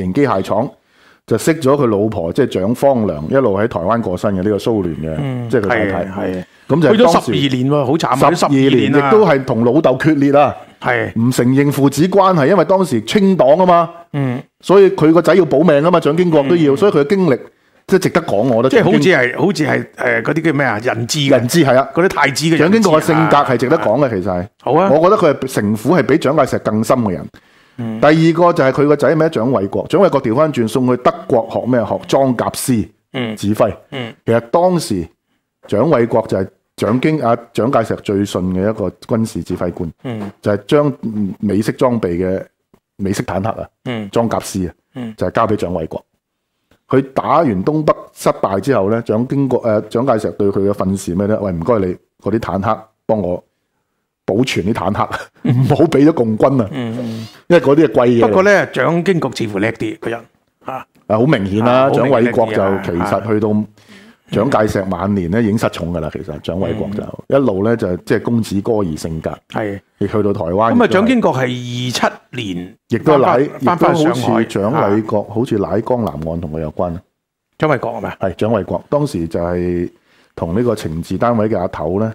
型機械廠就識咗佢老婆，即係蔣方良，一路喺台灣過身嘅呢個蘇聯嘅，即係佢太太。係咁就去咗十二年喎，好慘，十二年亦都係同老豆決裂啊，係唔承認父子關係，因為當時清黨啊嘛，嗯，所以佢個仔要保命啊嘛，蔣經國都要，所以佢嘅經歷即係值得講，我都即係好似係好似係誒嗰啲叫咩啊人質，人質係啊嗰啲太子嘅蔣經國嘅性格係值得講嘅，其實係好啊，我覺得佢係城府係比蔣介石更深嘅人。嗯、第二個就係佢個仔咩蔣緯國，蔣緯國調翻轉送去德國學咩學裝甲師指揮。嗯嗯、其實當時蔣緯國就係蔣經啊蔣介石最信嘅一個軍事指揮官，嗯、就係將美式裝備嘅美式坦克啊裝、嗯、甲師啊，就係、是、交俾蔣緯國。佢打完東北失敗之後咧，蔣經國誒蔣介石對佢嘅訓示咩咧？喂唔該你嗰啲坦克幫我保存啲坦克，唔好俾咗共軍啊！嗯，因為嗰啲係貴嘢。不過咧，蔣經國似乎叻啲個人吓，啊，好明顯啦，蔣緯國就其實去到蔣介石晚年咧，已經失寵噶啦，其實蔣緯國就一路咧就即係公子哥兒性格，係，亦去到台灣。咁啊，蔣經國係二七年，亦都乃翻翻上海，蔣緯國好似乃江南案同佢有關啊？蔣緯國係咪啊？係蔣緯國，當時就係同呢個情治單位嘅阿頭咧。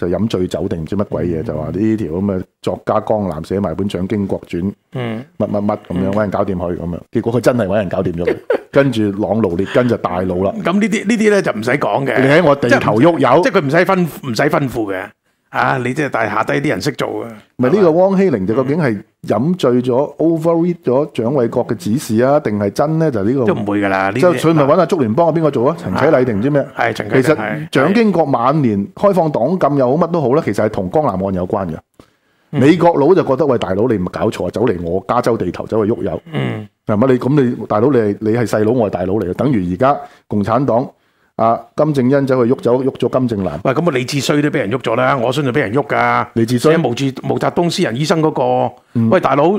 就飲醉酒定唔知乜鬼嘢，就話呢條咁嘅作家江南寫埋本《蔣經國傳》，嗯，乜乜乜咁樣，搵人搞掂佢咁樣。結果佢真係搵人搞掂咗，跟住朗奴列根就大怒啦。咁呢啲呢啲咧就唔使講嘅。你喺我地頭喐有，即係佢唔使吩唔使吩咐嘅。啊！你真係大夏低啲人識做啊！咪呢個汪希苓就究竟係飲醉咗、overread 咗蔣緯國嘅指示啊？定係真咧？就呢個都唔會噶啦，就佢咪揾阿竹聯幫個邊個做啊？陳啟禮定唔知咩？係陳啟禮。其實蔣經國晚年開放黨禁又好，乜都好啦。其實係同江南案有關嘅。美國佬就覺得喂，大佬你唔係搞錯，走嚟我加州地頭走去喐有，係咪？你咁你大佬你係你係細佬，我係大佬嚟，等於而家共產黨。啊，金正恩走去喐走，喐咗金正男。喂，咁啊李志綏都俾人喐咗啦，我相信俾人喐噶。李志綏，而且毛主毛澤東私人醫生嗰個，喂大佬，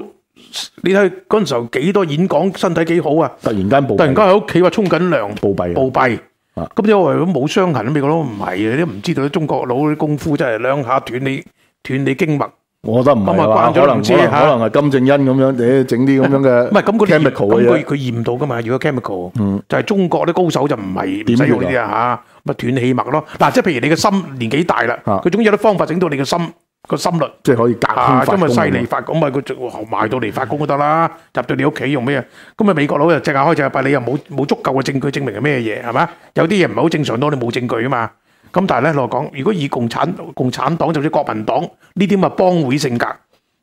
你睇嗰陣時候幾多演講，身體幾好啊？突然間，突然間喺屋企話沖緊涼，暴斃，暴斃。啊，咁啲因為冇傷痕咩？我都唔係，你都唔知道啲中國佬啲功夫真係兩下斷你斷你經脈。我覺得唔係話可能可能係金正恩咁樣，你整啲咁樣嘅 chemical 佢驗、啊、到噶嘛？如果 chemical、嗯、就係中國啲高手就唔係使用呢啲樣啊吓，咪斷氣脈咯。嗱、啊，即、就、係、是、譬如你嘅心年紀大啦，佢總有啲方法整到你嘅心個心率，即係、啊啊就是、可以隔天發功，犀利發功咪佢埋到嚟發功都得啦，入到你屋企用咩啊？咁啊美國佬就即刻開隻眼閉你又冇冇足夠嘅證據證明係咩嘢係嘛？有啲嘢唔係好正常咯，你冇證據啊嘛。咁但係咧，我講，如果以共產共產黨，甚至國民黨呢啲咁嘅幫會性格，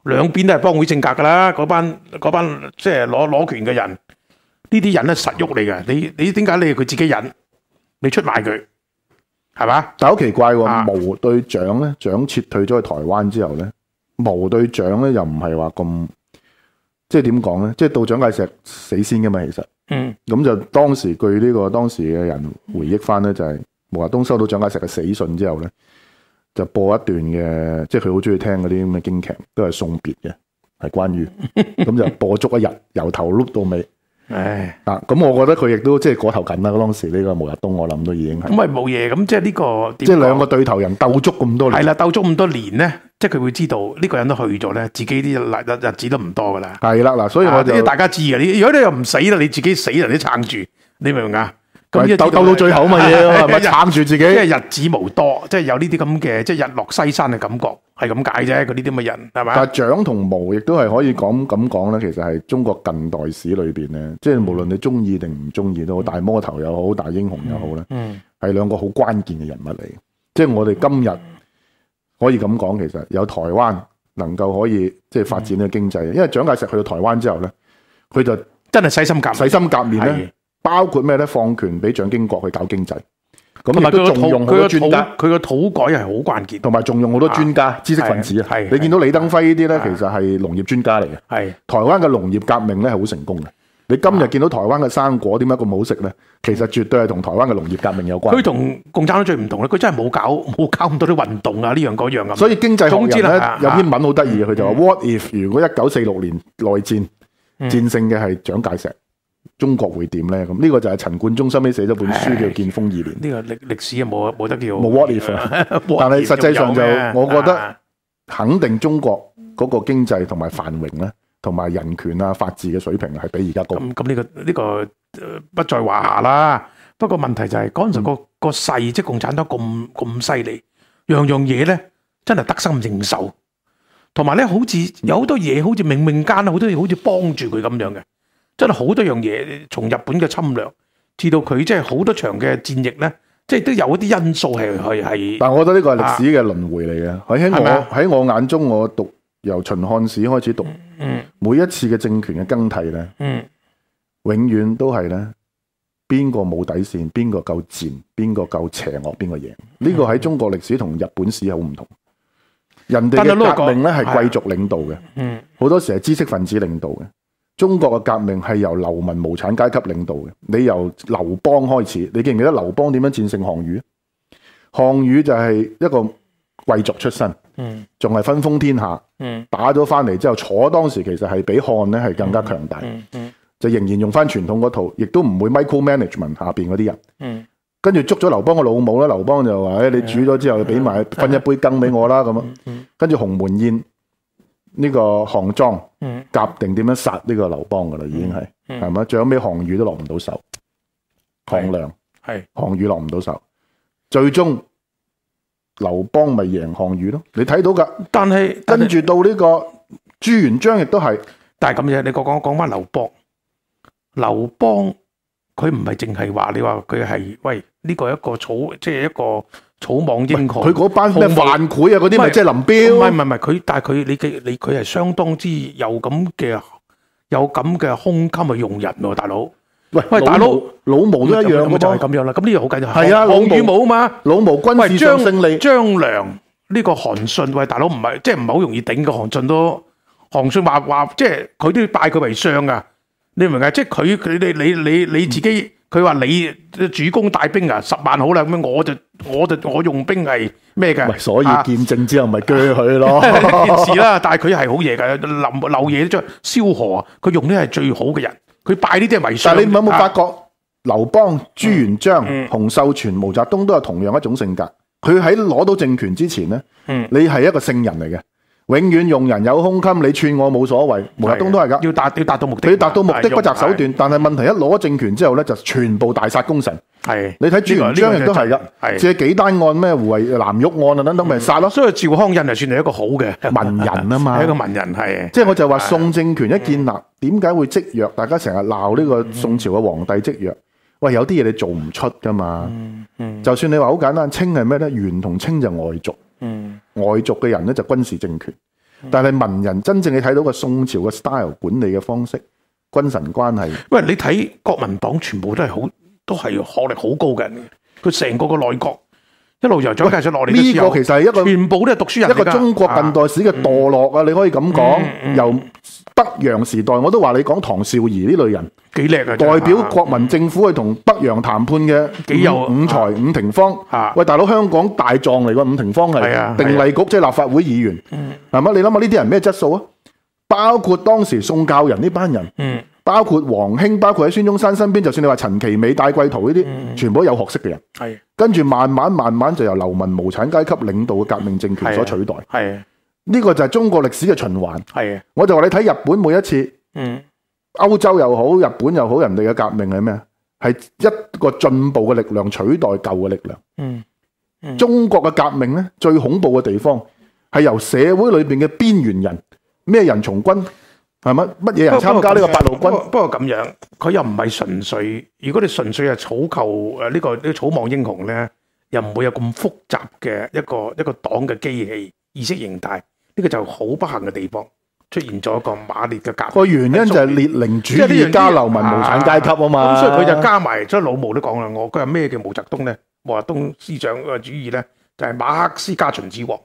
兩邊都係幫會性格噶啦，嗰班嗰班即係攞攞權嘅人，呢啲人咧實喐嚟嘅，你你點解咧佢自己忍，你出賣佢，係嘛？但係好奇怪喎、啊，毛隊長咧，蔣撤退咗去台灣之後咧，毛隊長咧又唔係話咁，即係點講咧？即係到蔣介石死先噶嘛，其實，嗯，咁就當時據呢、這個當時嘅人回憶翻、就、咧、是，就係。毛澤東收到蔣介石嘅死訊之後咧，就播一段嘅，即係佢好中意聽嗰啲咁嘅京劇，都係送別嘅，係關於咁 就播足一日，由頭碌到尾。唉，嗱、啊，咁我覺得佢亦都即係嗰頭緊啦。當時呢個毛澤東，我諗都已經係。咁咪冇嘢，咁即係呢個即係兩個對頭人鬥足咁多年。係啦，鬥足咁多年咧，即係佢會知道呢個人都去咗咧，自己啲日日子都唔多噶啦。係啦，嗱，所以我就、啊、大家知嘅。如果你又唔死啦，你自己死人，你撐住，你明唔明啊？鬥鬥到最後嘛、就、嘢、是，咪撐住自己。即係日，日，日子無多，即係有呢啲咁嘅，即係日落西山嘅感覺，係咁解啫。嗰啲咁嘅人，係嘛？蔣同毛亦都係可以講咁講咧，其實係中國近代史裏邊咧，嗯、即係無論你中意定唔中意都好，大魔頭又好，大英雄又好呢嗯，係兩個好關鍵嘅人物嚟。嗯、即係我哋今日可以咁講，其實有台灣能夠可以即係發展呢個經濟，嗯、因為蔣介石去到台灣之後咧，佢就真係洗心革洗心革面咧。包括咩咧？放權俾蔣經國去搞經濟，咁啊都重用好多專家，佢個土改係好關鍵，同埋仲用好多專家、知識分子啊。係你見到李登輝呢啲咧，其實係農業專家嚟嘅。係台灣嘅農業革命咧，係好成功嘅。你今日見到台灣嘅生果點解咁好食咧？其實絕對係同台灣嘅農業革命有關。佢同共產黨最唔同咧，佢真係冇搞冇搞咁多啲運動啊，呢樣嗰樣呀。所以經濟學人咧有篇文好得意嘅，佢就話：What if 如果一九四六年內戰戰勝嘅係蔣介石？中國會點咧？咁呢個就係陳冠中收尾寫咗本書叫《建豐二年》唉唉。呢、這個歷歷史啊，冇冇得叫冇 what 但係實際上就我覺得，肯定中國嗰個經濟同埋繁榮咧，同埋人權啊、法治嘅水平係比而家高。咁咁呢個呢、這個不在話下啦。不過問題就係嗰陣個個勢，即共產黨咁咁犀利，樣樣嘢咧真係得心應手。同埋咧，好似有很多東西好多嘢，好似冥冥間，好多嘢好似幫住佢咁樣嘅。真係好多樣嘢，從日本嘅侵略，至到佢即係好多場嘅戰役呢，即係都有一啲因素係係係。是是但係我覺得呢個係歷史嘅輪迴嚟嘅。喺、啊、我喺係嗎？我眼中，我讀由秦漢史開始讀，嗯嗯、每一次嘅政權嘅更替呢，嗯、永遠都係呢：邊個冇底線，邊個夠賤，邊個夠邪惡，邊個贏。呢個喺中國歷史同日本史好唔同。人哋革命呢係貴族領導嘅，好、嗯嗯、多時係知識分子領導嘅。中國嘅革命係由流民無產階級領導嘅，你由劉邦開始，你記唔記得劉邦點樣戰勝項羽？項羽就係一個貴族出身，嗯，仲係分封天下，嗯，打咗翻嚟之後，坐當時其實係比漢咧係更加強大，嗯嗯，就仍然用翻傳統嗰套，亦都唔會 micro management 下邊嗰啲人，嗯，跟住捉咗劉邦個老母啦，劉邦就話，誒、哎、你煮咗之後，俾埋分一杯羹俾我啦，咁樣，跟住鴻門宴。呢個項莊夾定點樣殺呢個劉邦噶啦，已經係係咪？最後尾項羽都落唔到手，項梁係項羽落唔到手，最終劉邦咪贏項羽咯？你睇到噶？但係跟住到呢、這個朱元璋亦都係，但係咁樣，你講講講翻劉邦，劉邦佢唔係淨係話，你話佢係喂呢、這個一個草，即、就、係、是、一個。草莽英雄，佢嗰班咩萬悔啊？嗰啲咪即係林彪、啊？唔係唔係唔係佢，但係佢你嘅你佢係相當之有咁嘅有咁嘅胸襟去用人喎、啊，大佬。喂喂，大佬，老毛都一樣，就係咁樣啦。咁呢個好緊要就係啊，老毛與老嘛，老毛軍事上勝利，張良呢、這個韓信喂，大佬唔係即係唔係好容易頂嘅韓信咯？韓信話話即係佢都要拜佢為相噶、啊，你明唔明啊？即係佢佢你你你你自己。嗯佢話你主公帶兵啊，十萬好啦，咁樣我就我就我用兵係咩嘅，所以見證之後咪鋸佢咯。件事啦，但係佢係好嘢㗎，劉劉嘢將蕭何，佢用呢係最好嘅人，佢拜呢啲係迷信。但你有冇發覺，劉邦、啊、朱元璋、洪秀全、毛澤東都係同樣一種性格。佢喺攞到政權之前咧，你係一個聖人嚟嘅。永遠用人有胸襟，你串我冇所謂，毛澤東都係噶。要達要達到目的，佢要達到目的不擇手段。但係問題一攞政權之後咧，就全部大殺功臣。係的你睇朱元璋亦都係噶，借幾單案咩胡惟庸藍玉案啊等等咪殺咯。所以趙匡胤係算係一個好嘅文人啊嘛，係一個文人係。即係我就話宋政權一建立，點解會積弱？大家成日鬧呢個宋朝嘅皇帝積弱。嗯、喂，有啲嘢你做唔出噶嘛？嗯嗯、就算你話好簡單，清係咩咧？元同清就係外族。嗯，外族嘅人咧就是軍事政權，但係文人真正你睇到個宋朝嘅 style 管理嘅方式，君臣關係。喂，你睇國民黨全部都係好，都係學歷好高嘅人嚟嘅，佢成個個內閣。一路由蔣介石落嚟呢個，其實係一個全部都係讀書人，一個中國近代史，嘅墮落啊！你可以咁講，由北洋時代我都話你講唐紹儀呢類人幾叻，代表國民政府去同北洋談判嘅，幾有五才伍廷芳。喂大佬，香港大狀嚟嘅伍廷芳係定例局即係立法會議員，係咪？你諗下呢啲人咩質素啊？包括當時宋教仁呢班人。包括黃興，包括喺孫中山身邊，就算你話陳其美、戴季陶呢啲，嗯、全部都有學識嘅人。係跟住慢慢慢慢就由流氓無產階級領導嘅革命政權所取代。係呢個就係中國歷史嘅循環。係的我就話你睇日本每一次，歐、嗯、洲又好，日本又好，人哋嘅革命係咩？係一個進步嘅力量取代舊嘅力量。取代的力量嗯，嗯中國嘅革命咧最恐怖嘅地方係由社會裏邊嘅邊緣人咩人從軍？係乜乜嘢人參加呢個八路軍？不過咁樣，佢又唔係純粹。如果你純粹係草寇誒，呢、這個呢、這個草莽英雄咧，又唔會有咁複雜嘅一個一個黨嘅機器意識形態。呢、這個就好不幸嘅地方出現咗一個馬列嘅革命。個原因就係列寧主義加流民無產階級啊嘛。咁、啊啊、所以佢就加埋，所以老毛都講啦，我佢話咩叫毛澤東咧？毛澤東思想嘅主義咧，就係、是、馬克思加秦始皇。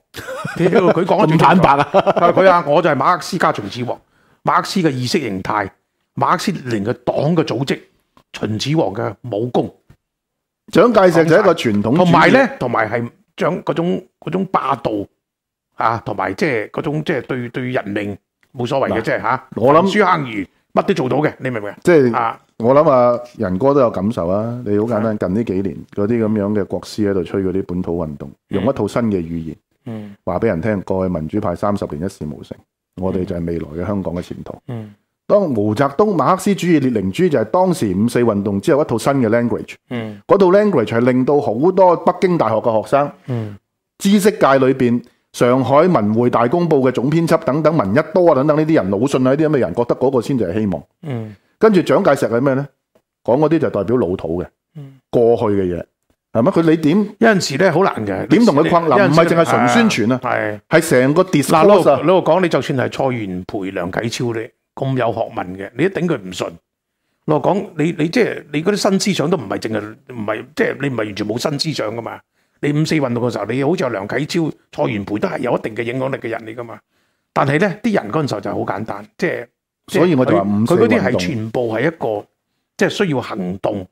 佢講得最坦白啊他說他！佢話我就係馬克思加秦始皇。馬克思嘅意識形態，馬克思連嘅黨嘅組織，秦始皇嘅武功，蔣介石就係一個傳統。同埋咧，同埋係將嗰種嗰種霸道啊，同埋即係嗰種即係、就是、對對人命冇所謂嘅，即係吓。我諗。焚書坑儒乜都做到嘅，你明唔明？即係、就是、啊！我諗啊，仁哥都有感受啊！你好簡單，近呢幾年嗰啲咁樣嘅國師喺度吹嗰啲本土運動，嗯、用一套新嘅語言，嗯，話俾人聽過去民主派三十年一事無成。我哋就係未來嘅香港嘅前途。當毛澤東、馬克思主義、列寧主義就係當時五四運動之後一套新嘅 language。嗰、嗯、套 language 就係令到好多北京大學嘅學生、知識界裏邊、上海文匯大公報嘅總編輯等等、聞一多等等呢啲人、魯迅啊呢啲咁嘅人，覺得嗰個先至係希望。跟住蔣介石係咩呢？講嗰啲就代表老土嘅過去嘅嘢。係咪？佢你點？有陣時咧，好難嘅。點同佢困難？唔係淨係純宣傳啊？係係成個 discourse 啊！嗱，我我講你就算係蔡元培、梁啟超咧，咁有學問嘅，你都頂佢唔順。我講你你即係、就是、你嗰啲新思想都唔係淨係唔係即係你唔係完全冇新思想噶嘛？你五四運動嘅時候，你好似有梁啟超、蔡元培都係有一定嘅影響力嘅人嚟噶嘛？但係咧，啲人嗰陣時候就係好簡單，即、就、係、是、所以我哋佢嗰啲係全部係一個即係、就是、需要行動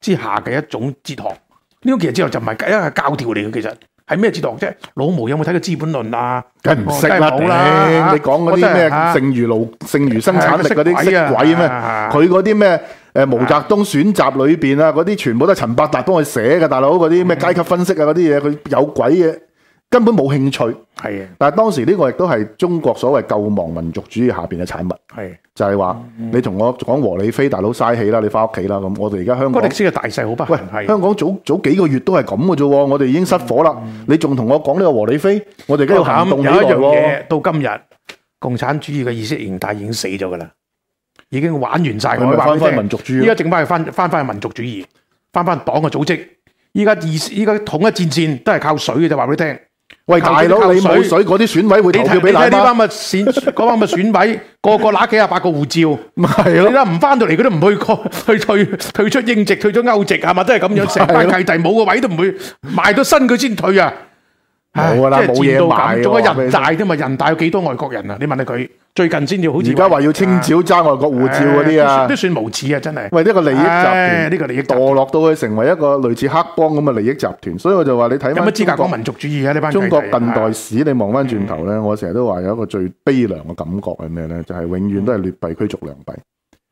之下嘅一種哲學。呢種其實哲學就唔係一係教條嚟嘅，其實係咩哲學啫？老毛有冇睇過資本論，啊《資本論》啊？梗唔識啦，好靚，你講嗰啲咩剩餘勞，剩餘生產力嗰啲識鬼咩，啊？佢嗰啲咩誒毛澤東選集裏邊啊，嗰啲全部都係陳伯達幫佢寫嘅大佬，嗰啲咩階級分析啊，嗰啲嘢，佢有鬼嘅。根本冇興趣，係但係當時呢個亦都係中國所謂救亡民族主義下邊嘅產物，係的就係話你同我講和理非大佬嘥氣啦，你翻屋企啦咁。我哋而家香港歷史嘅大勢好不，喂，的香港早早幾個月都係咁嘅啫，我哋已經失火啦。的你仲同我講呢個和理非？我哋而家行動、嗯、有一樣嘢，到今日共產主義嘅意識形態已經死咗嘅啦，已經玩完曬。我哋翻翻民族主義，依家整翻去翻翻去民族主義翻翻黨嘅組織。依家意依家統一戰線都係靠水嘅啫，話俾你聽。喂，大佬哥，你冇水，嗰啲選委會投票俾你睇啲啱選嗰班咪選委 個個拿幾廿百個護照，係咯， 你啦唔翻到嚟，佢都唔去去退退，退出英籍，退咗歐籍係嘛，都係咁樣，契弟冇個位都唔會埋到身，佢先退啊。冇噶啦，冇嘢買。做緊人大啫嘛，人大有幾多外國人啊？你問下佢，最近先至好似而家話要清剿揸外國護照嗰啲啊，都算無恥啊！真係，為呢個利益集團，呢個利益墮落到佢成為一個類似黑幫咁嘅利益集團，所以我就話你睇翻。有乜資格講民族主義啊？呢班中國近代史，你望翻轉頭咧，我成日都話有一個最悲涼嘅感覺係咩咧？就係永遠都係劣幣驅逐良幣。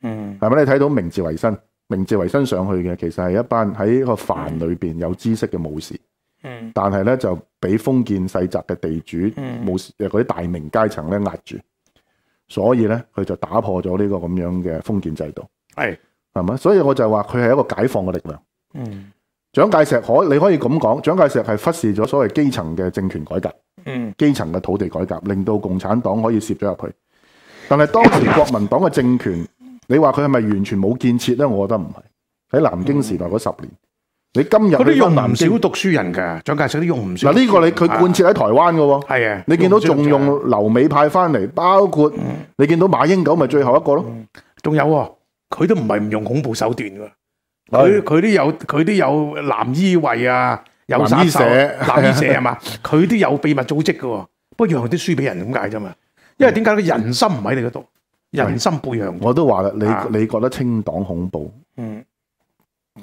嗯，係咪你睇到明治維新？明治維新上去嘅，其實係一班喺個藩裏邊有知識嘅武士。嗯，但係咧就俾封建世襲嘅地主冇嗰啲大明階層咧壓住，所以咧佢就打破咗呢個咁樣嘅封建制度，係係嘛？所以我就話佢係一個解放嘅力量。嗯，蔣介石可你可以咁講，蔣介石係忽視咗所謂基層嘅政權改革，嗯，基層嘅土地改革，令到共產黨可以涉咗入去。但係當時國民黨嘅政權， 你話佢係咪完全冇建設咧？我覺得唔係。喺南京時代嗰十年。嗯你今日佢用唔少讀書人嘅，蔣介石都用唔少。嗱，呢個你佢貫徹喺台灣嘅，係啊。你見到仲用留美派翻嚟，包括你見到馬英九咪最後一個咯。仲有，佢都唔係唔用恐怖手段嘅，佢，佢都有佢都有藍衣衛啊，藍衣社，藍衣社，係嘛？佢都有秘密組織嘅，不過讓啲書俾人咁解啫嘛。因為點解佢人心唔喺你度，人心背陽。我都話啦，你，你覺得清黨恐怖，嗯。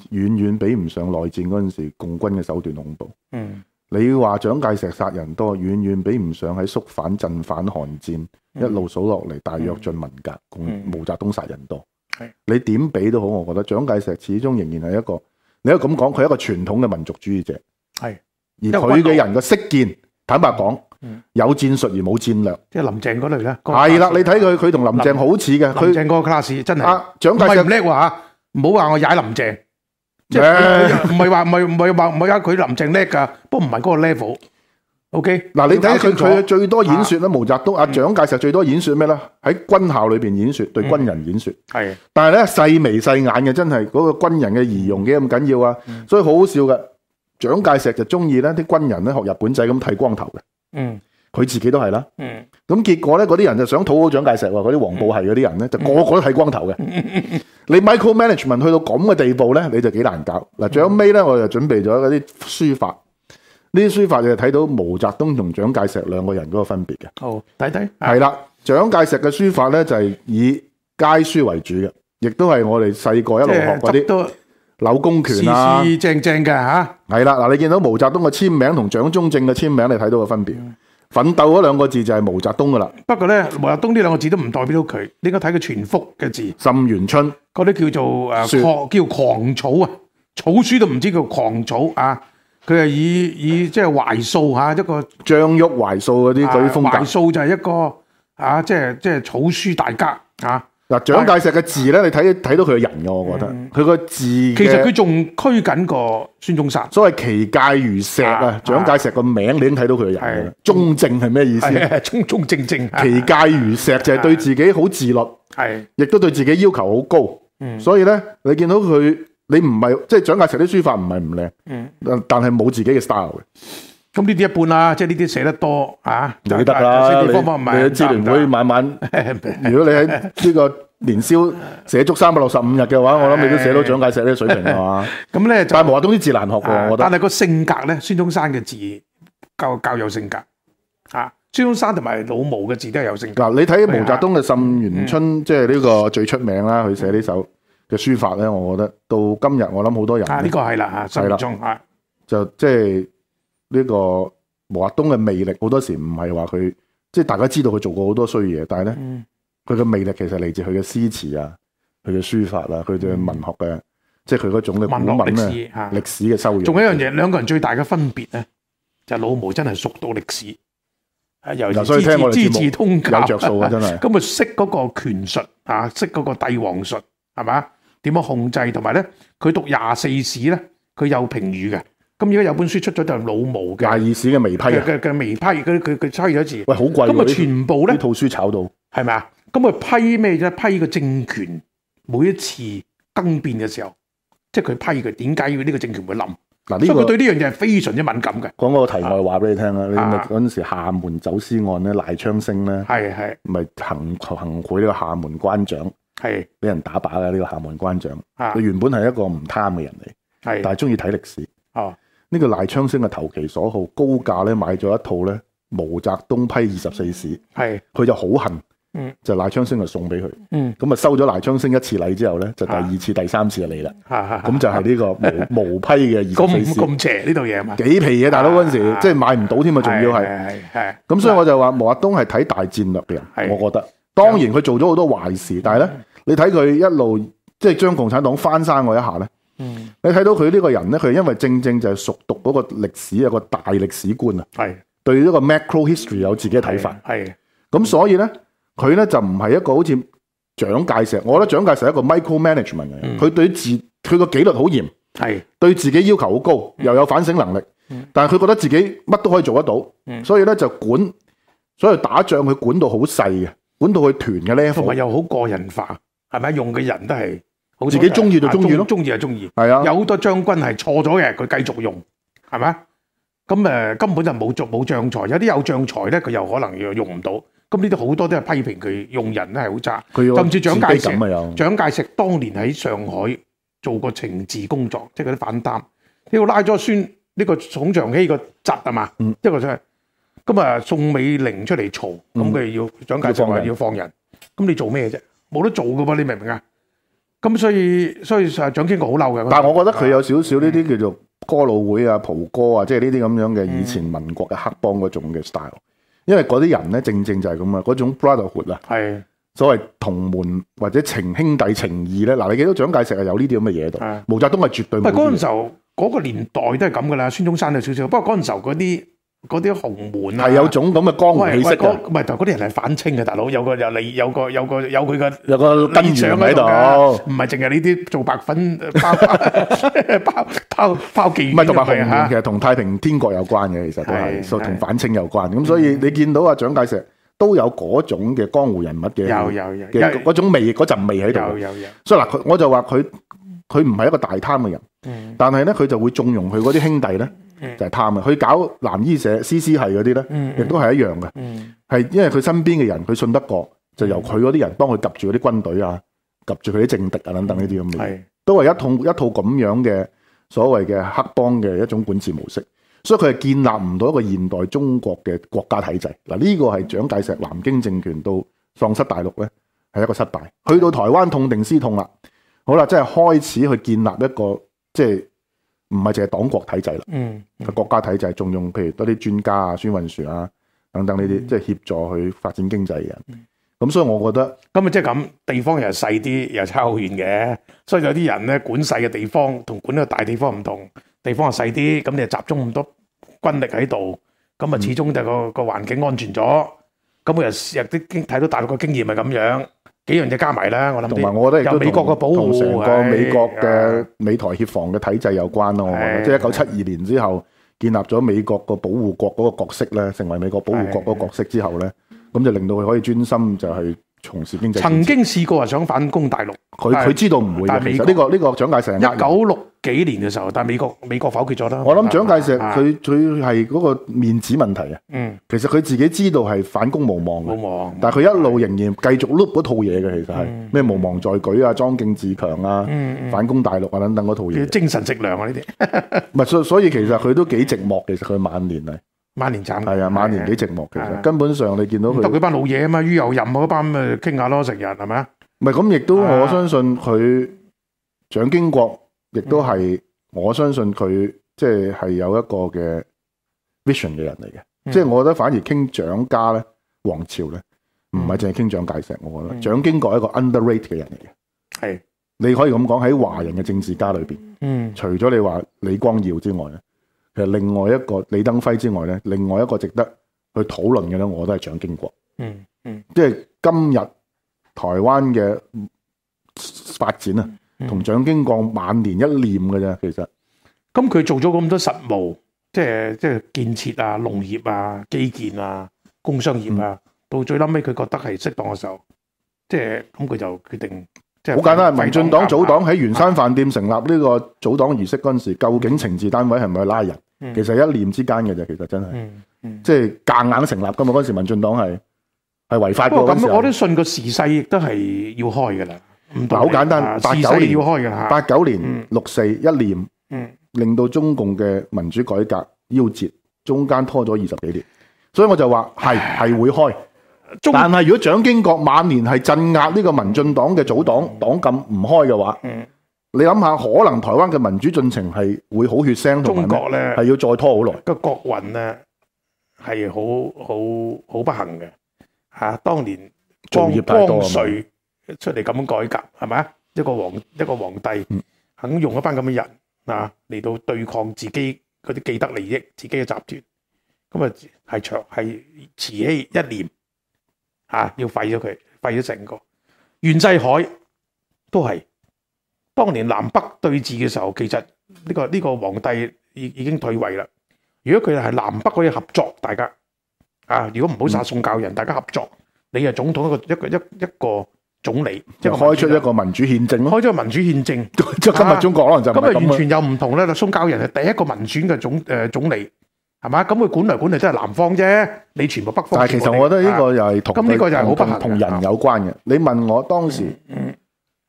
遠遠比唔上內戰嗰陣時共軍嘅手段恐怖。嗯，你話蔣介石殺人多，遠遠比唔上喺肅反鎮反韓戰一路數落嚟，大躍進文革，共毛澤東殺人多。係，你點比都好，我覺得蔣介石始終仍然係一個，你而家咁講，佢係一個傳統嘅民族主義者。係，而佢嘅人嘅識見，坦白講，有戰術而冇戰略。即係林鄭嗰類咧。係啦，你睇佢，佢同林鄭好似嘅。林鄭嗰個 class 真係。蔣介石唔叻吓，唔好話我踩林鄭。 即唔係話唔係唔係話唔係啊，佢林鄭叻噶，不過唔係嗰個 level，okay？O K 嗱，你睇下佢，佢最多演說咧，毛澤東啊蔣、嗯、介石最多演說咩咧？喺軍校裏邊演說，對軍人演說係。嗯、是但係咧細眉細眼嘅，真係嗰、那個軍人嘅儀容幾咁緊要啊，嗯、所以好好笑嘅。蔣介石就中意咧啲軍人咧學日本仔咁剃光頭嘅。嗯。佢自己都係啦，咁、嗯、結果咧，嗰啲人就想討好蔣介石話，嗰啲黃埔係嗰啲人咧，就個個都睇光頭嘅。嗯、 你 Michael Manage m e n t 去到咁嘅地步咧，你就幾難搞。嗱，最尾咧，我就準備咗嗰啲書法，呢啲書法就睇到毛澤東同蔣介石兩個人嗰個分別嘅。好、哦，睇睇，係啦了，蔣的介石嘅書法咧就係以楷書為主嘅，亦都係我哋細個一路、就是、學嗰啲柳公權啊，事事正正嘅吓、啊。係啦，嗱，你見到毛澤東嘅簽名同蔣中正嘅簽名，你睇到個分別。奮鬥嗰兩個字就係毛澤東噶啦，不過咧，毛澤東呢兩個字都唔代表到佢，你應該睇佢全幅嘅字。沁園春嗰啲叫做誒，說叫狂草啊，草書都唔知叫狂草啊，佢係以以即係懷素吓，一個張旭懷素嗰啲嗰啲風格，懷素就係一個啊，即係即係草書大家啊。嗱，蔣介石嘅字咧，你睇睇到佢嘅人嘅，我覺得佢個、嗯、字嘅其實佢仲拘謹過孫中山。所謂奇介如石啊，蔣介石個名你已經睇到佢嘅人啦。是的中正係咩意思？中中正正。奇介如石就係、是、對自己好自律，係的，亦都對自己要求好高。嗯、所以咧，你見到佢，你唔係即係蔣介石啲書法唔係唔靚，嗯，但係冇自己嘅 style 嘅。咁呢啲一半啦、啊，即係呢啲寫得多啊，就得啦。寫方法你你支聯會晚晚，行 如果你喺呢個年宵寫足三百六十五日嘅話， 我諗你都寫到蔣介石呢水平啊嘛。咁咧 就，但係毛澤東啲字難學嘅、啊，我覺得、啊。但係個性格咧，孫中山嘅字較有性格啊，孫中山同埋老毛嘅字都係有性格。啊性格啊、你睇毛澤東嘅《沁園春》嗯，即係呢個最出名啦，佢寫呢首嘅書法咧，我覺得到今日我諗好多人啊，呢、這個係啦吓，中就即係。就是呢個毛澤東嘅魅力，好多時唔係話佢，即係大家知道佢做過好多衰嘢，但係咧，佢嘅、嗯、魅力其實嚟自佢嘅詩詞啊，佢嘅書法啊，佢嘅文學嘅，即係佢嗰種嘅文文咧，歷史嘅修養。仲有一樣嘢，兩個人最大嘅分別咧，就係、是、老毛真係熟到歷史，由由資治、資治通鑑，有着數啊，真係。咁 啊，識嗰個權術啊，識嗰個帝王術，係嘛？點樣控制？同埋咧，佢讀廿四史咧，佢有評語嘅。咁而家有本書出咗就係老毛嘅，廿二史嘅微批嘅嘅嘅微批，佢佢批咗一次。喂，好貴，咁啊全部咧呢套書炒到，係咪啊？咁佢批咩啫？批個政權每一次更變嘅時候，即係佢批佢點解要呢個政權會冧？嗱，呢個，所以佢對呢樣嘢係非常之敏感嘅。講個題外話俾你聽啦，你咪嗰陣時廈門走私案咧，賴昌星咧，係係咪行行賄呢個廈門關長？係俾人打靶嘅呢個廈門關長，佢原本係一個唔貪嘅人嚟，係但係中意睇歷史。哦。呢個賴昌星嘅投其所好，高價咧買咗一套咧毛澤東批二十四史，係佢就好恨，嗯，就賴昌星就送俾佢，嗯，咁啊收咗賴昌星一次禮之後咧，就第二次、第三次就嚟啦，咁就係呢個毛批嘅二十四史，咁邪呢套嘢嘛，幾皮嘢大佬嗰陣時，即係買唔到添嘛，仲要係，係係，咁所以我就話毛澤東係睇大戰略嘅人，我覺得，當然佢做咗好多壞事，但係咧，你睇佢一路即係將共產黨翻山嗰一下咧。嗯，你睇到佢呢個人咧，佢因為正正就係熟讀嗰個歷史，有個大歷史觀啊。係的對呢個 macro history 有自己嘅睇法。係咁，所以咧，佢咧就唔係一個好似蔣介石。我覺得蔣介石係一個 micro management 嘅人，佢、嗯、對自佢個紀律好嚴，係的對自己要求好高，的又有反省能力。的但係佢覺得自己乜都可以做得到，的所以咧就管，所以打仗佢管到好細嘅，管到佢團嘅咧，又好個人化，係咪？用嘅人都係。自己中意就中意咯，中意就中意。係啊，有好多將軍係錯咗嘅，佢繼續用，係咪啊？咁誒根本就冇足冇將才，有啲有將才咧，佢又可能又用唔到。咁呢啲好多都係批評佢用人咧係好渣。佢甚至蔣介石，蔣介石當年喺上海做過情治工作，即係嗰啲反貪。呢個拉咗孫呢個孔祥熙個侄啊嘛，一個真係咁啊。嗯、今宋美齡出嚟嘈，咁佢要蔣、嗯、介石話要放人，咁你做咩啫？冇得做噶噃，你明唔明啊？咁所以所以就係蔣經國好嬲嘅，但係我覺得佢有少少呢啲叫做哥老會啊、嗯、袍哥啊，即係呢啲咁樣嘅以前民國嘅黑幫嗰種嘅 style，、嗯、因為嗰啲人咧正正就係咁啊，嗰種 brotherhood 啦，係所謂同門或者情兄弟情義咧，嗱的你記到蔣介石係有呢啲咁嘅嘢度，的毛澤東係絕對唔係嗰陣時候嗰、嗰個年代都係咁噶啦，孫中山有少少，不過嗰陣時候嗰啲。嗰啲洪門啊，係有種咁嘅江湖氣息嘅，唔係同嗰啲人係反清嘅，大佬有個有嚟有個有個有佢嘅有個根源喺度，唔係淨係呢啲做白粉、包包包包妓。唔係同埋洪門其實同太平天國有關嘅，其實都係同反清有關。咁所以你見到阿蔣介石都有嗰種嘅江湖人物嘅，有有有嗰種味嗰陣味喺度。所以嗱，佢我就話佢佢唔係一個大貪嘅人，但係咧佢就會縱容佢嗰啲兄弟咧。就係貪啊！佢搞藍衣社、CC 係嗰啲咧，亦都係一樣嘅，係、嗯嗯、因為佢身邊嘅人，佢信得過，就由佢嗰啲人幫佢及住嗰啲軍隊啊，及住佢啲政敵啊，等等呢啲咁嘅，是都係一套一套咁樣嘅所謂嘅黑幫嘅一種管治模式。所以佢係建立唔到一個現代中國嘅國家體制。嗱、這、呢個係蔣介石南京政權到喪失大陸咧，係一個失敗。去到台灣痛定思痛啦，好啦，即係開始去建立一個即係。唔係淨係黨國體制啦，嗯嗯、國家體制仲用譬如多啲專家啊、孫運璿啊等等呢啲，即係、嗯、協助去發展經濟嘅。咁、嗯、所以我覺得咁啊，即係咁地方又細啲，又差好遠嘅。所以有啲人咧，管細嘅地方同管到大地方唔同，地方又細啲，咁你就集中咁多軍力喺度，咁啊始終就個、嗯、個環境安全咗。咁佢又入啲經睇到大陸嘅經驗係咁樣。幾樣嘢加埋啦，我諗同埋我覺得亦都同美國嘅保護同成個美國嘅美台協防嘅體制有關咯，我覺得即係一九七二年之後建立咗美國個保護國嗰個角色咧，成為美國保護國嗰個角色之後咧，咁就令到佢可以專心就係、是。從事經濟，曾經試過啊，想反攻大陸，佢佢知道唔會，呢個呢個蔣介石一九六幾年嘅時候，但係美國美國否決咗啦。我諗蔣介石佢佢係嗰個面子問題啊，嗯，其實佢自己知道係反攻無望，但係佢一路仍然繼續碌嗰套嘢嘅，其實係咩毋忘在莒啊，莊敬自強啊，反攻大陸啊，等等嗰套嘢，精神食糧啊，呢啲，唔係所所以其實佢都幾寂寞，其實佢晚年晚年賺，係啊，晚年幾寂寞其實，根本上你見到佢，咁佢班老嘢啊嘛，于又任嗰班咁傾下咯，成日係咪啊？唔係咁，亦都我相信佢蔣經國，亦都係我相信佢，即係係有一個嘅 vision 嘅人嚟嘅。即係我覺得反而傾蔣家咧，王朝咧，唔係淨係傾蔣介石，我覺得蔣經國係一個 underrated 嘅人嚟嘅。係，你可以咁講，喺華人嘅政治家裏邊，嗯，除咗你話李光耀之外咧。其實另外一個李登輝之外咧，另外一個值得去討論嘅咧，我都係蔣經國。嗯嗯，嗯即係今日台灣嘅發展啊，同、嗯嗯、蔣經國晚年一念嘅啫，其實。咁佢做咗咁多實務，即係即係建設啊、農業啊、基建啊、工商業啊，嗯、到最撚尾佢覺得係適當嘅時候，即係咁佢就決定。好簡單，民進黨組黨喺圓山飯店成立呢個組黨儀式嗰陣時候，究竟情治單位係咪去拉人？其實是一念之間嘅啫，其實真係，即係夾硬成立噶嘛。嗰陣時民進黨係係違法嘅。不過咁，我都信個時勢亦都係要開噶啦。好簡單，八九年要開噶啦。八九年六四、嗯、一念，令到中共嘅民主改革夭折，中間拖咗二十幾年，所以我就話係係會開。唉中但係如果蔣經國晚年係鎮壓呢個民進黨嘅組黨黨禁唔開嘅話，嗯、你諗下可能台灣嘅民主進程係會好血腥，中國咧係要再拖好耐。個國運咧係好好好不幸嘅。吓、啊，當年光光緒出嚟咁樣改革係咪啊？一個皇一個皇帝、嗯、肯用一班咁嘅人啊嚟到對抗自己嗰啲既得利益、自己嘅集團，咁啊係長係慈禧一年。吓、啊，要廢咗佢，廢咗成個袁世凱都係當年南北對峙嘅時候，其實呢、這個呢、這個皇帝已已經退位啦。如果佢係南北可以合作，大家啊，如果唔好殺宋教仁，嗯、大家合作，你係總統一個一個一一個總理，即係開出一個民主憲政咯、啊，開咗個民主憲政，即係 今日中國可能就咁啊，今完全又唔同啦。宋教仁係第一個民選嘅總誒、呃、總理。係嘛？咁佢管嚟管去，都係南方啫。你全部北方。但係其實我覺得呢個又係同佢唔同，同人有關嘅。你問我當時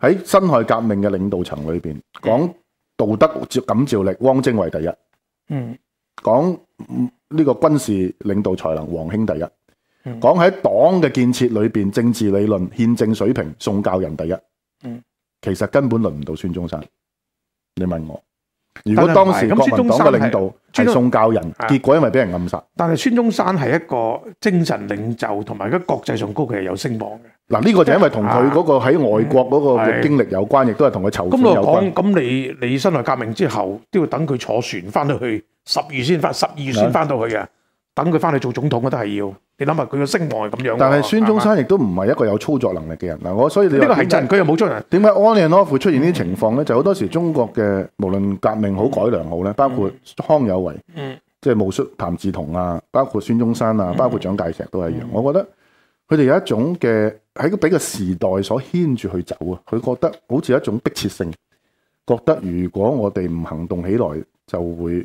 喺辛亥革命嘅領導層裏邊，講道德感召力，汪精衛第一。嗯。講呢個軍事領導才能，黃興第一。講喺黨嘅建設裏邊，政治理論、憲政水平，宋教仁第一。嗯。其實根本輪唔到孫中山，你問我。如果當時國民黨嘅領導，孫宋教仁，結果因為俾人暗殺。但係孫中山係一個精神領袖，同埋而家國際上高佢係有聲望嘅。嗱，呢個就因為同佢嗰個喺外國嗰個經歷有關，嗯、亦都係同佢籌款有關。咁我咁你，你辛亥革命之後，都要等佢坐船翻到去十二月先翻，十二月先翻到去嘅。等佢翻去做總統都係要你諗下佢嘅聲外係咁樣。但係孫中山亦都唔係一個有操作能力嘅人嗱，我所以你呢個係真的，佢又冇出人。點解 on and off 會出現呢啲情況咧？嗯、就好多時候中國嘅無論革命好、嗯、改良好咧，包括康有為，即係戊戌、譚嗣同啊，包括孫中山啊，嗯、包括蔣介石都係一樣。嗯、我覺得佢哋有一種嘅喺個俾個時代所牽住去走啊，佢覺得好似一種迫切性，覺得如果我哋唔行動起來就會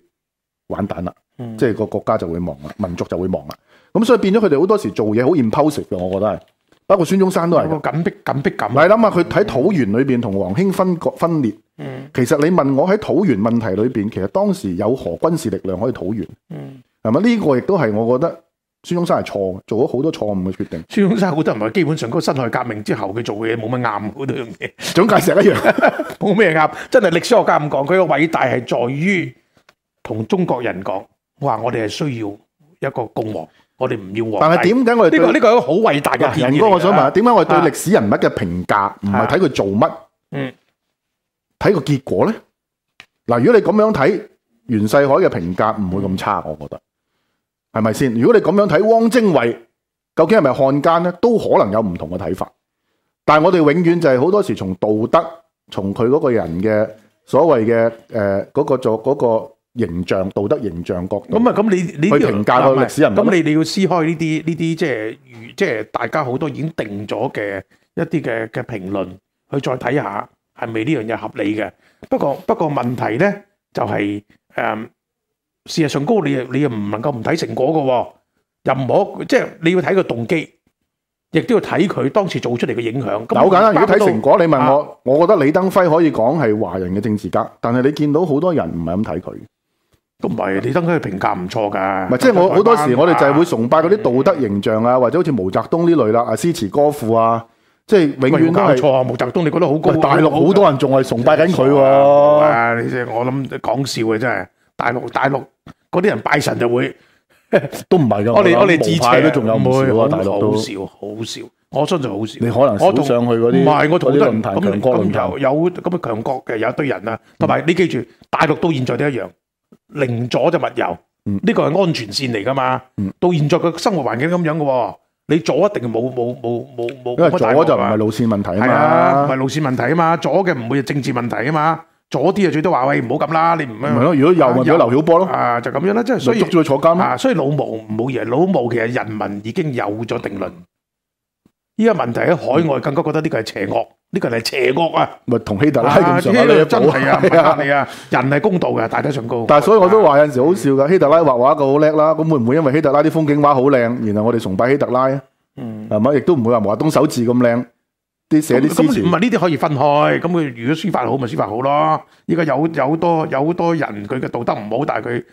完蛋啦。即係個國家就會亡啦，民族就會亡啦。咁、嗯、所以變咗佢哋好多時做嘢好 impossible 嘅，我覺得係。包括孫中山都係。個緊迫緊迫感。係啦嘛，佢喺討袁裏邊同黃興分割分裂。嗯、其實你問我喺討袁問題裏邊，其實當時有何軍事力量可以討袁嗯。係咪呢個亦都係我覺得孫中山係錯，做咗好多錯誤嘅決定。孫中山好多人話，基本上個辛亥革命之後，佢做嘢冇乜啱嗰啲嘢。蔣介石一樣，冇咩啱，真係歷史學家咁講，佢嘅偉大係在於同中國人講。話我哋係需要一個共和，我哋唔要王，但係點解我哋呢、這個呢、這個一個好偉大嘅？人哥我想問，點解我哋對歷史人物嘅評價唔係睇佢做乜、啊啊？嗯，睇個結果咧。嗱，如果你咁樣睇袁世凱嘅評價，唔會咁差，我覺得係咪先？如果你咁樣睇汪精衛，究竟係咪漢奸咧，都可能有唔同嘅睇法。但係我哋永遠就係好多時從道德，從佢嗰個人嘅所謂嘅誒嗰個做嗰、那個。形象道德形象角度咁啊，咁你你要評價個歷史人物咁，你你要撕開呢啲呢啲，即係即係大家好多已經定咗嘅一啲嘅嘅評論，去再睇下係咪呢樣嘢合理嘅？不過不過問題咧就係誒，事實上高你又你又唔能夠唔睇成果噶，任何即係你要睇個動機，亦都要睇佢當時做出嚟嘅影響。有梗啦，如果睇成果。你問我，我覺得李登輝可以講係華人嘅政治家，但係你見到好多人唔係咁睇佢。都唔係，你登佢評價唔錯噶。唔係，即係我好多時，我哋就係會崇拜嗰啲道德形象啊，或者好似毛澤東呢類啦，啊詩詞歌賦啊，即係永遠都唔錯啊。毛澤東你覺得好高？大陸好多人仲係崇拜緊佢喎。啊，你即我諗講笑嘅真係。大陸大陸嗰啲人拜神就會，都唔係噶。我哋我哋支持都仲有嘅。大陸好笑，好笑，我相信好笑。你可能我同上去嗰啲唔係，我同佢唔係咁有咁嘅強國嘅有一堆人啊。同埋你記住，大陸到現在都一樣。零左就勿右，呢個係安全綫嚟噶嘛？嗯、到現在嘅生活環境咁樣嘅，你左一定冇冇冇冇冇冇，冇，冇，因為左就唔係路綫問題嘛啊，係啊，唔係路綫問題啊嘛。左嘅唔會係政治問題啊嘛，左啲啊最多話喂唔好咁啦，你唔係咯？如果有咪俾劉曉波咯右，啊就咁樣啦，即係捉住坐監啊。所以老毛冇嘢，老毛其實人民已經有咗定論。依家問題喺海外，更加覺得呢個係邪惡，呢、嗯、個係邪惡啊！咪同希特拉咁上下，真係啊！係啊，啊係啊，人係公道嘅，大家崇高。但係所以我都話有陣時好笑嘅，嗯、希特拉畫畫個好叻啦，咁會唔會因為希特拉啲風景畫好靚，然後我哋崇拜希特拉啊？係咪？亦都唔會話毛澤東手字咁靚，啲寫啲咁。唔係呢啲可以分開。咁佢如果書法好，咪書法好咯。依家有有好多有好多人，佢嘅道德唔好，但係佢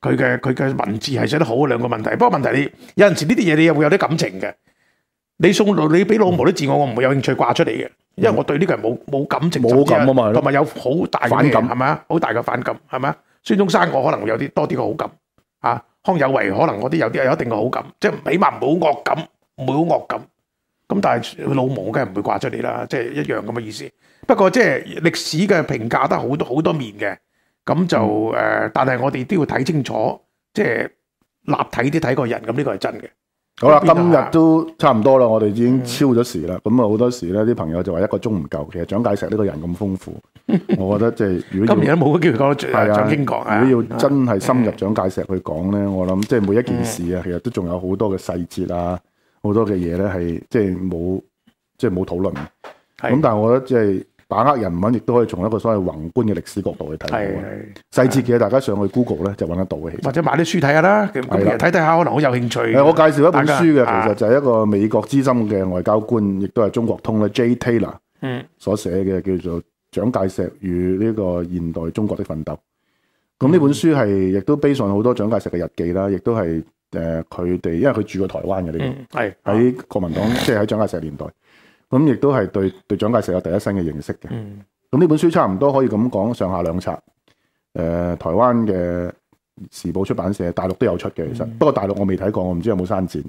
佢嘅佢嘅文字係寫得好，兩個問題。不過問題是有你有陣時呢啲嘢，你又會有啲感情嘅。你送你俾老毛啲字我，我唔會有興趣掛出嚟嘅，因為我對呢個人冇冇感情，同埋、就是、有好大反感，係咪啊？好大嘅反感，係咪啊？孫中山我可能會有啲多啲嘅好感，啊，康有為可能我啲有啲有一定嘅好感，即係起碼唔好惡感，唔會好惡感。咁但係老毛梗係唔會掛出嚟啦，即、就、係、是、一樣咁嘅意思。不過即係歷史嘅評價得好多好多面嘅，咁就誒、嗯呃，但係我哋都要睇清楚，即係立體啲睇個人，咁呢個係真嘅。啊、好啦，今日都差唔多啦，我哋已經超咗時啦。咁啊的，好多時咧，啲朋友就話一個鐘唔夠。其實蔣介石呢個人咁豐富， 我覺得即係今日冇冇叫佢講到最。係啊，如果要真係深入蔣介石去講咧，的我諗即係每一件事啊，的其實都仲有好多嘅細節啊，好多嘅嘢咧係即係冇即係冇討論。咁、就是就是、的但係我覺得即、就、係、是。把握人文，亦都可以從一個所謂宏觀嘅歷史角度去睇。細節嘅大家上去 Google 咧，就揾得到嘅。或者買啲書睇下啦，誒睇睇下可能好有興趣。是的 我介紹一本書嘅，其實就係一個美國資深嘅外交官，亦都係中國通嘅 Jay Taylor 所寫嘅，叫做《蔣介石與呢個現代中國的奮鬥》。咁呢本書係亦都 base on 好多蔣介石嘅日記啦，亦都係誒佢哋，因為佢住過台灣嘅呢個，係喺是是 國民黨，即係喺蔣介石年代。咁亦都係對對蔣介石有第一身嘅認識嘅。咁呢、嗯、本書差唔多可以咁講上下兩冊。誒、呃，台灣嘅時報出版社，大陸都有出嘅。其實、嗯、不過大陸我未睇過，我唔知有冇刪剪，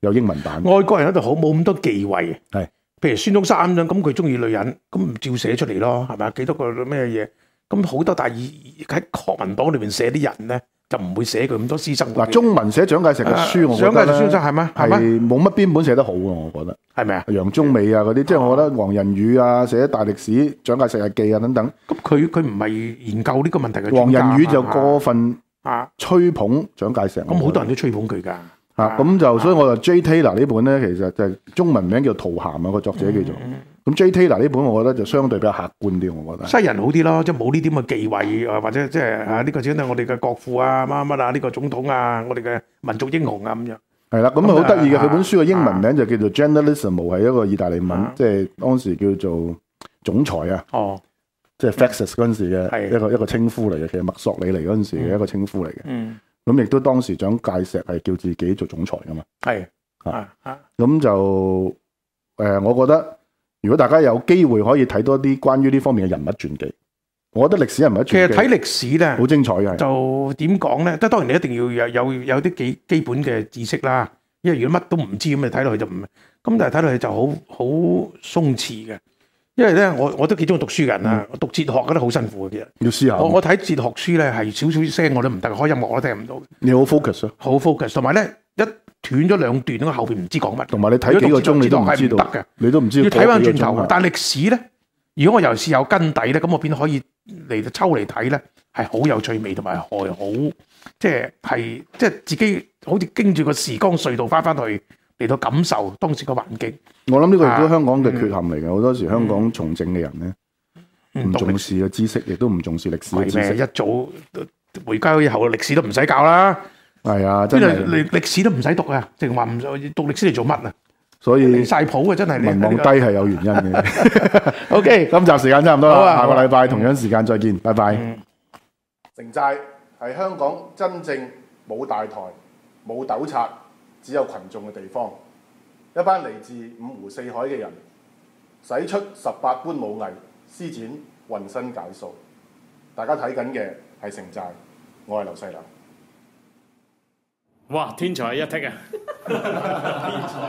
有英文版。外國人喺度好冇咁多忌諱，係是譬如孫中山咁，咁佢中意女人，咁唔照寫出嚟咯，係咪啊？幾多個咩嘢？咁好多大，大係喺國民黨裏面寫啲人咧。就唔會寫佢咁多私生嗱，中文寫蔣介石嘅書，我蔣介石書真係咩係冇乜邊本寫得好嘅，我覺得，係咪啊？楊中美啊嗰啲，即係我覺得黃仁宇啊寫大歷史、蔣介石日記啊等等。咁佢佢唔係研究呢個問題嘅。黃仁宇就過分啊吹捧蔣介石。咁好多人都吹捧佢噶吓，咁就所以我就 J Taylor 呢本咧，其實就係中文名叫陶涵啊個作者叫做。咁 Jay Taylor 呢本，我覺得就相對比較客觀啲，我覺得。西人好啲咯，即係冇呢啲咁嘅忌諱啊，或者即係啊呢個先係我哋嘅國父啊乜乜啊呢個總統啊，我哋嘅民族英雄啊咁樣。係啦，咁好得意嘅佢本書嘅英文名就叫做 Generalissimo 係一個意大利文，即係當時叫做總裁啊。哦，即係 Fascist 嗰時嘅一個一個稱呼嚟嘅，其實墨索里尼嗰陣時嘅一個稱呼嚟嘅。嗯。咁亦都當時蔣介石係叫自己做總裁噶嘛？係。啊咁就誒，我覺得。如果大家有機會可以睇多啲關於呢方面嘅人物傳記，我覺得歷史人物傳記其實睇歷史咧好精彩嘅。就點講咧？即係當然你一定要有有有啲幾基本嘅知識啦。因為如果乜都唔知咁你睇落去就唔咁，但係睇落去就好好鬆弛嘅。因為咧，我我都幾中意讀書嘅人啊。嗯、我讀哲學覺得好辛苦嘅，其實要思考。我我睇哲學書咧係少少聲，我都唔得開音樂，我都聽唔到。你好 focus 啊，好 focus。同埋咧。斷咗兩段，咁後邊唔知講乜。同埋你睇咗幾個鐘，你都唔知道嘅，道你都唔知要睇翻轉頭，但係歷史咧，如果我由是有根底咧，咁我變可以嚟到抽嚟睇咧，係好有趣味，同埋係好即係係即係自己好似經住個時光隧道翻翻去嚟到感受當時個環境。我諗呢個亦都香港嘅缺陷嚟嘅，好、啊嗯、多時香港從政嘅人咧，唔重視嘅知識，亦都唔重視歷史。咪咩？其實一早回歸以後，歷史都唔使教啦。係啊，真係歷歷史都唔使讀啊，淨話唔讀歷史嚟做乜啊？所以晒譜啊，真係民望低係有原因嘅。OK，今集時間差唔多啦，下個禮拜同樣時間再見，拜拜。城寨係香港真正冇大台、冇糾察、只有群眾嘅地方，一班嚟自五湖四海嘅人，使出十八般武藝，施展渾身解數。大家睇緊嘅係城寨，我係劉細良。哇！天才一聽啊！